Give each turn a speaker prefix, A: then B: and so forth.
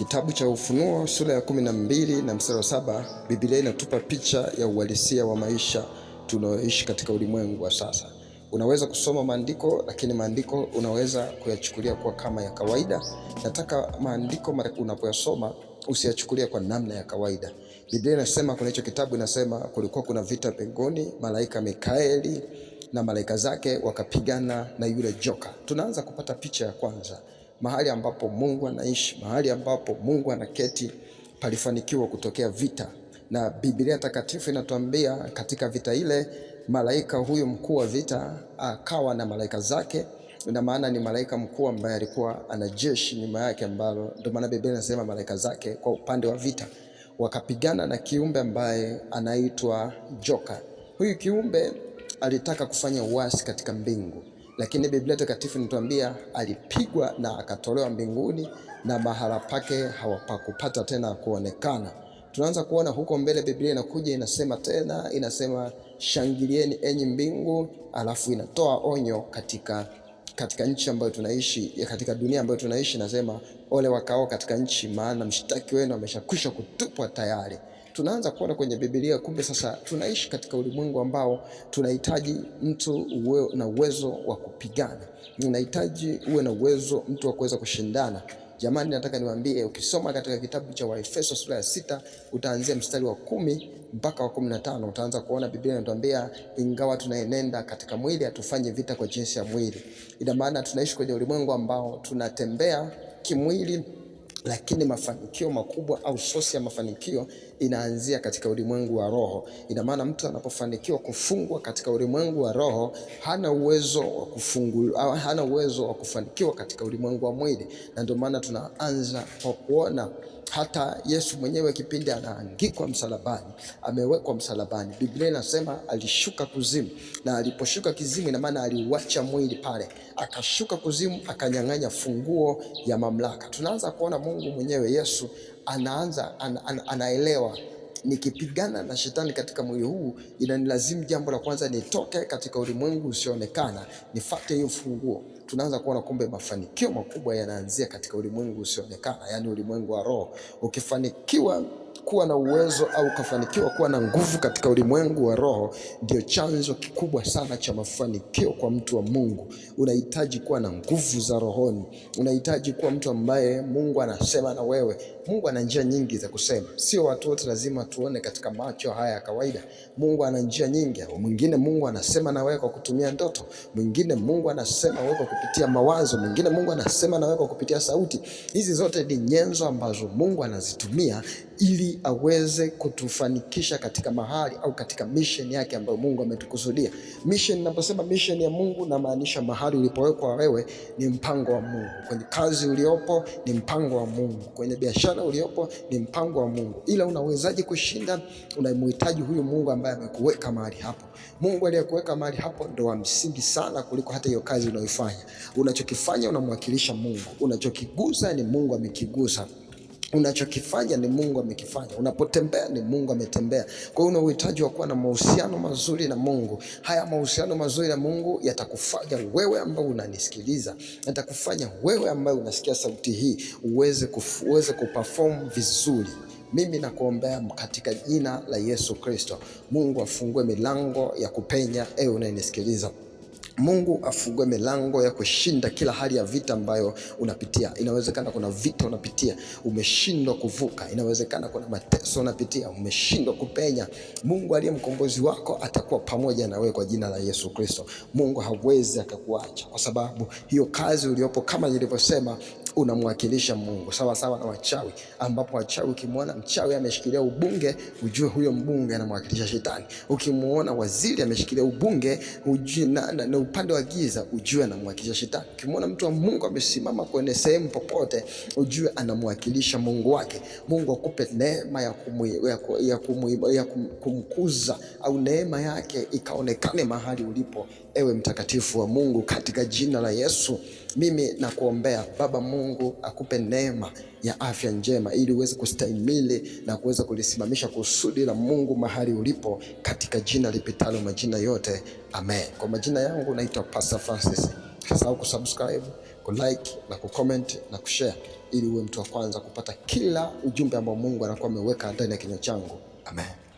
A: Kitabu cha Ufunuo sura ya kumi na mbili na mstari wa saba Biblia inatupa picha ya uhalisia wa maisha tunayoishi katika ulimwengu wa sasa. Unaweza kusoma maandiko, lakini maandiko unaweza kuyachukulia kuwa kama ya kawaida. Nataka maandiko unapoyasoma usiyachukulia kwa namna ya kawaida. Biblia inasema kuna hicho kitabu inasema kulikuwa kuna vita mbinguni, malaika Mikaeli na malaika zake wakapigana na yule joka. Tunaanza kupata picha ya kwanza mahali ambapo Mungu anaishi, mahali ambapo Mungu anaketi, palifanikiwa kutokea vita, na Biblia Takatifu inatuambia katika vita ile malaika huyo mkuu wa vita akawa na malaika zake. Ina maana ni malaika mkuu ambaye alikuwa ana jeshi nyuma yake, ambalo ndio maana Biblia inasema malaika zake kwa upande wa vita wakapigana na kiumbe ambaye anaitwa joka. Huyu kiumbe alitaka kufanya uasi katika mbingu lakini Biblia Takatifu inatuambia alipigwa na akatolewa mbinguni na mahala pake hawapakupata tena kuonekana. Tunaanza kuona huko mbele Biblia inakuja inasema tena, inasema shangilieni enyi mbingu, alafu inatoa onyo katika katika nchi ambayo tunaishi ya katika dunia ambayo tunaishi, nasema ole wakao katika nchi, maana mshtaki wenu ameshakwisha kutupwa tayari tunaanza kuona kwenye Biblia, kumbe sasa tunaishi katika ulimwengu ambao tunahitaji mtu uwe na uwezo wa kupigana, unahitaji uwe na uwezo mtu wa kuweza kushindana. Jamani, nataka niwaambie, ukisoma katika kitabu cha Waefeso sura ya sita utaanzia mstari wa kumi mpaka wa kumi na tano utaanza kuona Biblia inatuambia ingawa tunaenenda katika mwili hatufanye vita kwa jinsi ya mwili. Ina maana tunaishi kwenye ulimwengu ambao tunatembea kimwili lakini mafanikio makubwa au sosi ya mafanikio inaanzia katika ulimwengu wa roho. Ina maana mtu anapofanikiwa kufungwa katika ulimwengu wa roho hana uwezo wa kufungu, hana uwezo wa kufanikiwa katika ulimwengu wa mwili, na ndio maana tunaanza kwa kuona hata Yesu mwenyewe kipindi anaangikwa msalabani, amewekwa msalabani, Biblia inasema alishuka kuzimu, na aliposhuka kizimu, ina maana aliuacha mwili pale, akashuka kuzimu, akanyang'anya funguo ya mamlaka. Tunaanza kuona Mungu Mungu mwenyewe Yesu anaanza an, an, anaelewa nikipigana na shetani katika mwili huu inanilazimu, jambo la kwanza nitoke katika ulimwengu usioonekana, nifate hiyo funguo tunaanza kuona kumbe mafanikio makubwa yanaanzia katika ulimwengu usioonekana, yani ulimwengu wa roho. Ukifanikiwa kuwa na uwezo au ukafanikiwa kuwa na nguvu katika ulimwengu wa roho, ndio chanzo kikubwa sana cha mafanikio kwa mtu wa Mungu. Unahitaji kuwa na nguvu za rohoni, unahitaji kuwa mtu ambaye Mungu anasema na wewe. Mungu ana njia nyingi za kusema, sio watu wote lazima tuone katika macho haya ya kawaida. Mungu ana njia nyingi. Mwingine Mungu anasema na wewe kwa kutumia ndoto, mwingine Mungu anasema wewe kwa kupitia mawazo, mwingine Mungu anasema na wewe kupitia sauti. Hizi zote ni nyenzo ambazo Mungu anazitumia ili aweze kutufanikisha katika mahali au katika mission yake ambayo Mungu ametukusudia. Mission, ninaposema mission ya Mungu namaanisha mahali ulipowekwa wewe ni mpango wa Mungu. Kwenye kazi uliopo ni mpango wa Mungu. Kwenye biashara uliopo ni mpango wa Mungu. Ila unawezaje kushinda? Unamhitaji huyu Mungu ambaye amekuweka mahali hapo. Mungu aliyekuweka mahali hapo ndo wa msingi sana kuliko hata hiyo kazi unayoifanya. Unachokifanya unamwakilisha Mungu, unachokigusa ni Mungu amekigusa unachokifanya ni Mungu amekifanya, unapotembea ni Mungu ametembea. Kwa hiyo una uhitaji wa kuwa na mahusiano mazuri na Mungu. Haya mahusiano mazuri na Mungu yatakufanya wewe ambaye unanisikiliza, yatakufanya wewe ambaye unasikia sauti hii uweze, kufu, uweze kuperform vizuri. Mimi nakuombea katika jina la Yesu Kristo, Mungu afungue milango ya kupenya. Ewe unayenisikiliza Mungu afungue milango ya kushinda kila hali ya vita ambayo unapitia. Inawezekana kuna vita unapitia umeshindwa kuvuka, inawezekana kuna mateso unapitia umeshindwa kupenya. Mungu aliye mkombozi wako atakuwa pamoja na wewe kwa jina la Yesu Kristo. Mungu hawezi akakuacha, kwa sababu hiyo kazi uliopo, kama nilivyosema, unamwakilisha Mungu sawa sawa na wachawi, ambapo wachawi, ukimwona mchawi ameshikilia ubunge, ujue huyo mbunge anamwakilisha Shetani. Ukimwona waziri ameshikilia ubunge ujue, na, na, na upande wa giza, ujue anamwakilisha Shetani. Ukimwona mtu wa Mungu amesimama kwenye sehemu popote, ujue anamwakilisha Mungu wake. Mungu akupe neema ya, ya, ya, ya kumkuza au neema yake ikaonekane mahali ulipo. Ewe mtakatifu wa Mungu, katika jina la Yesu mimi nakuombea Baba Mungu akupe neema ya afya njema, ili uweze kustahimili na kuweza kulisimamisha kusudi la Mungu mahali ulipo, katika jina lipitalo majina yote, amen. Kwa majina yangu naitwa Pastor Francis. Usisahau kusubscribe, kulike na kucomment na kushare, ili uwe mtu wa kwanza kupata kila ujumbe ambao Mungu anakuwa ameweka ndani ya kinywa changu, amen.